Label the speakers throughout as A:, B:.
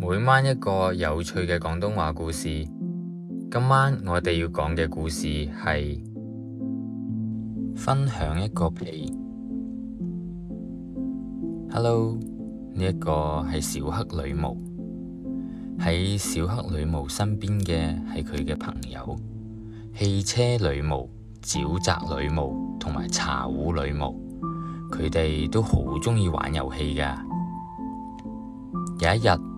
A: 每晚一個有趣嘅廣東話故事。今晚我哋要講嘅故事係分享一個屁。Hello，呢一個係小黑女巫。喺小黑女巫身邊嘅係佢嘅朋友汽車女巫、沼澤女巫同埋茶壺女巫。佢哋都好鍾意玩遊戲噶。有一日。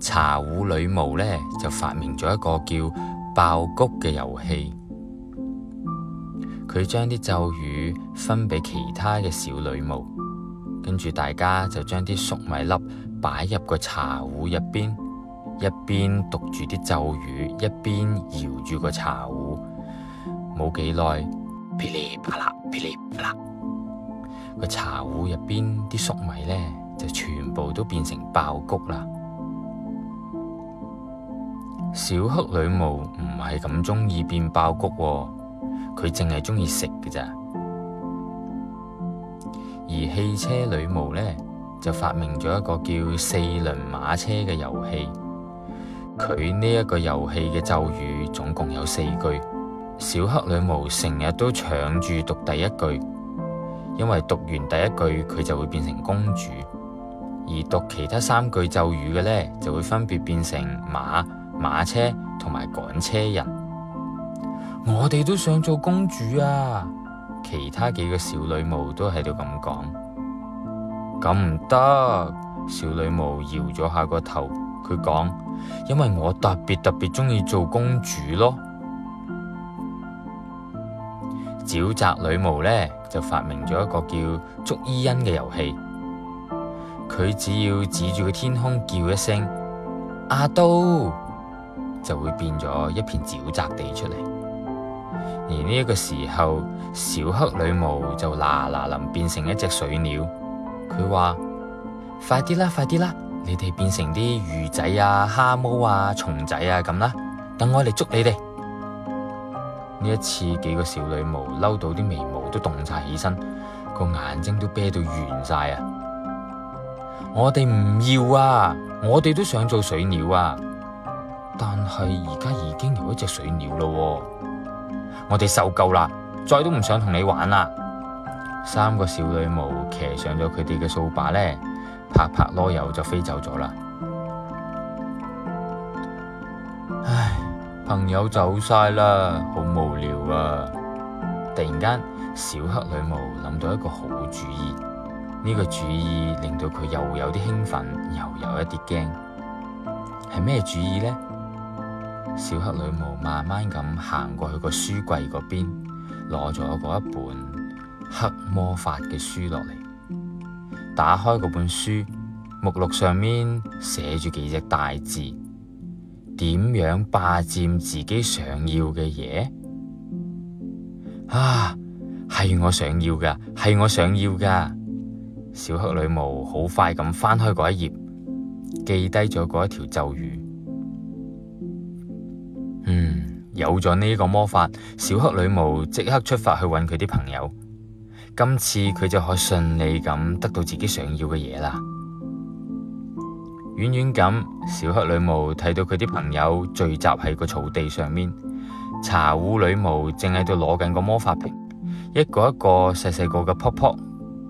A: 茶壺女巫呢，就發明咗一個叫爆谷嘅遊戲，佢將啲咒語分畀其他嘅小女巫，跟住大家就將啲粟米粒擺入個茶壺入邊，一邊讀住啲咒語，一邊搖住個茶壺，冇幾耐，噼里啪啦，噼里啪啦，個茶壺入邊啲粟米呢，就全部都變成爆谷啦。小黑女巫唔係咁鍾意變爆谷喎，佢淨係鍾意食嘅咋。而汽車女巫呢，就發明咗一個叫四輪馬車嘅遊戲。佢呢一個遊戲嘅咒語總共有四句，小黑女巫成日都搶住讀第一句，因為讀完第一句佢就會變成公主，而讀其他三句咒語嘅呢，就會分別變成馬。馬車同埋趕車人，我哋都想做公主啊！其他幾個小女巫都喺度咁講，咁唔得！小女巫搖咗下個頭，佢講：因為我特別特別鍾意做公主咯。沼澤女巫呢，就發明咗一個叫捉伊恩嘅遊戲，佢只要指住個天空叫一聲阿都。就會變咗一片沼澤地出嚟，而呢個時候，小黑女巫就嗱嗱臨變成一隻水鳥。佢話：快啲啦，快啲啦，你哋變成啲魚仔啊、蝦毛啊、蟲仔啊咁啦，等我嚟捉你哋。呢一次，幾個小女巫嬲到啲眉毛都凍晒起身，個眼睛都啤到圓晒啊！ 我哋唔要啊，我哋都想做水鳥啊！但係而家已經有一隻水鳥咯喎，我哋受夠啦，再都唔想同你玩啦。三個小女巫騎上咗佢哋嘅掃把咧，拍拍囉柚就飛走咗啦。唉，朋友走晒啦，好無聊啊！突然間，小黑女巫諗到一個好主意，呢個主意令到佢又有啲興奮，又有一啲驚，係咩主意咧？小黑女巫慢慢咁行過去個書櫃嗰邊，攞咗嗰一本黑魔法嘅書落嚟，打開嗰本書，目錄上面寫住幾隻大字：點樣霸占自己想要嘅嘢？啊，係我想要噶，係我想要噶！小黑女巫好快咁翻開嗰一頁，記低咗嗰一條咒語。嗯，有咗呢個魔法，小黑女巫即刻出發去揾佢啲朋友。今次佢就可以順利咁得到自己想要嘅嘢啦。遠遠咁，小黑女巫睇到佢啲朋友聚集喺個草地上面，茶壺女巫正喺度攞緊個魔法瓶，一個一個細細個嘅泡泡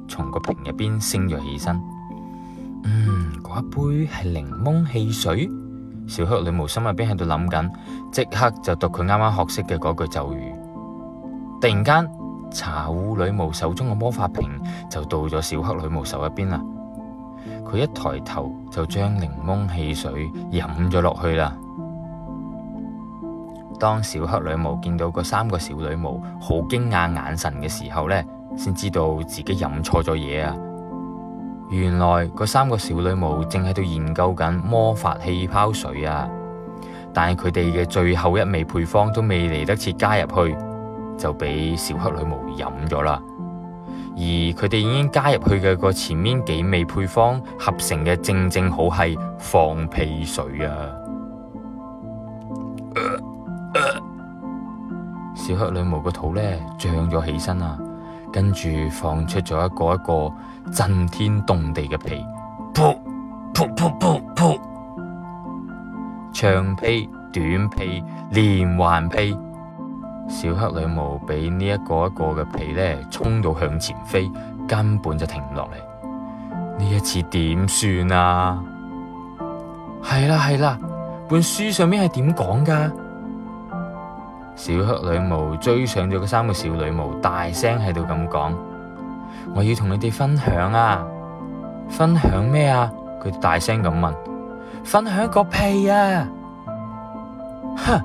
A: 從個瓶入邊升咗起身。嗯，嗰一杯係檸檬汽水。小黑女巫心入邊喺度諗緊，即刻就讀佢啱啱學識嘅嗰句咒語。突然間，茶壺女巫手中嘅魔法瓶就到咗小黑女巫手入邊啦。佢一抬頭就將檸檬汽水飲咗落去啦。當小黑女巫見到嗰三個小女巫好驚訝眼神嘅時候咧，先知道自己飲錯咗嘢啊！原來嗰三個小女巫正喺度研究緊魔法氣泡水啊，但係佢哋嘅最後一味配方都未嚟得切加入去，就俾小黑女巫飲咗啦。而佢哋已經加入去嘅個前面幾味配方合成嘅正正好係放屁水啊！ 小黑女巫個肚呢脹咗起身啊！跟住放出咗一個一個震天動地嘅屁，噗噗噗噗噗，長屁、短屁、連環屁，小黑女巫俾呢一個一個嘅屁呢衝到向前飛，根本就停唔落嚟。呢一次點算啊？係啦係啦，本書上面係點講㗎？小黑女巫追上咗嗰三個小女巫，大聲喺度咁講：我要同你哋分享啊！分享咩啊？佢大聲咁問：分享個屁啊！哼，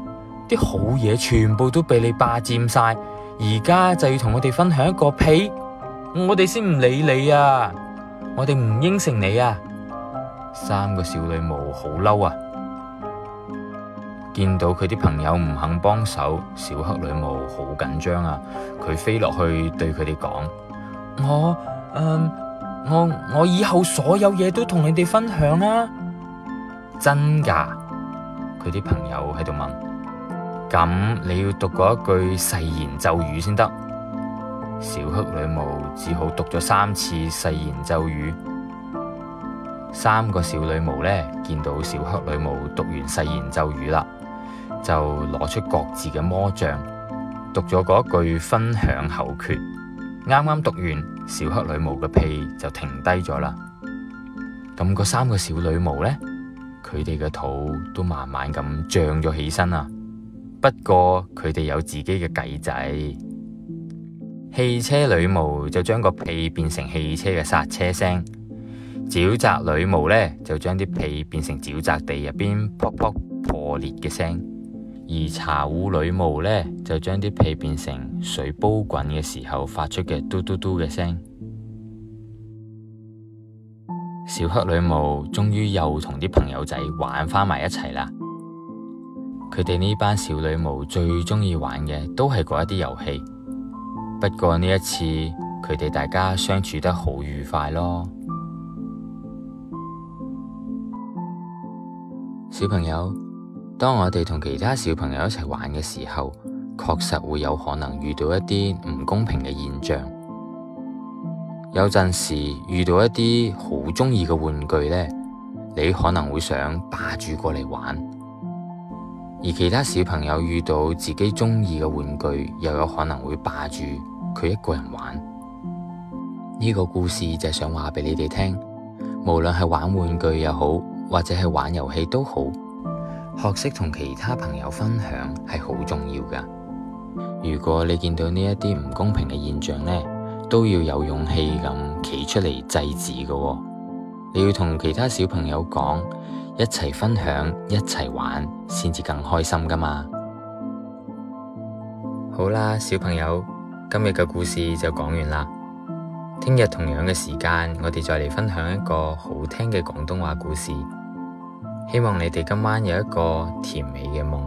A: 啲好嘢全部都俾你霸占晒，而家就要同我哋分享一個屁，我哋先唔理你啊！我哋唔應承你啊！三個小女巫好嬲啊！見到佢啲朋友唔肯幫手，小黑女巫好緊張啊！佢飛落去對佢哋講：我誒，我我以後所有嘢都同你哋分享啦、啊！真噶？佢啲朋友喺度問：咁你要讀過一句誓言咒語先得？小黑女巫只好讀咗三次誓言咒語。三個小女巫呢，見到小黑女巫讀完誓言咒語啦。就攞出各自嘅魔杖，讀咗嗰句分享口訣。啱啱讀完，小黑女巫嘅屁就停低咗啦。咁嗰三個小女巫呢，佢哋嘅肚都慢慢咁脹咗起身啦。不過佢哋有自己嘅計仔。汽車女巫就將個屁變成汽車嘅剎車聲，沼澤女巫呢，就將啲屁變成沼澤地入邊撲撲破裂嘅聲。而茶壺女巫呢，就將啲屁變成水煲滾嘅時候發出嘅嘟嘟嘟嘅聲。小黑女巫終於又同啲朋友仔玩返埋一齊啦！佢哋呢班小女巫最鍾意玩嘅都係嗰一啲遊戲，不過呢一次佢哋大家相處得好愉快咯。小朋友。當我哋同其他小朋友一齊玩嘅時候，確實會有可能遇到一啲唔公平嘅現象。有陣時遇到一啲好鍾意嘅玩具咧，你可能會想霸住過嚟玩；而其他小朋友遇到自己鍾意嘅玩具，又有可能會霸住佢一個人玩。呢個故事就係想話畀你哋聽，無論係玩玩具又好，或者係玩遊戲都好。學識同其他朋友分享係好重要噶。如果你見到呢一啲唔公平嘅現象呢，都要有勇氣咁企出嚟制止噶喎。你要同其他小朋友講，一齊分享，一齊玩，先至更開心噶嘛。好啦，小朋友，今日嘅故事就講完啦。聽日同樣嘅時間，我哋再嚟分享一個好聽嘅廣東話故事。希望你哋今晚有一個甜美嘅夢。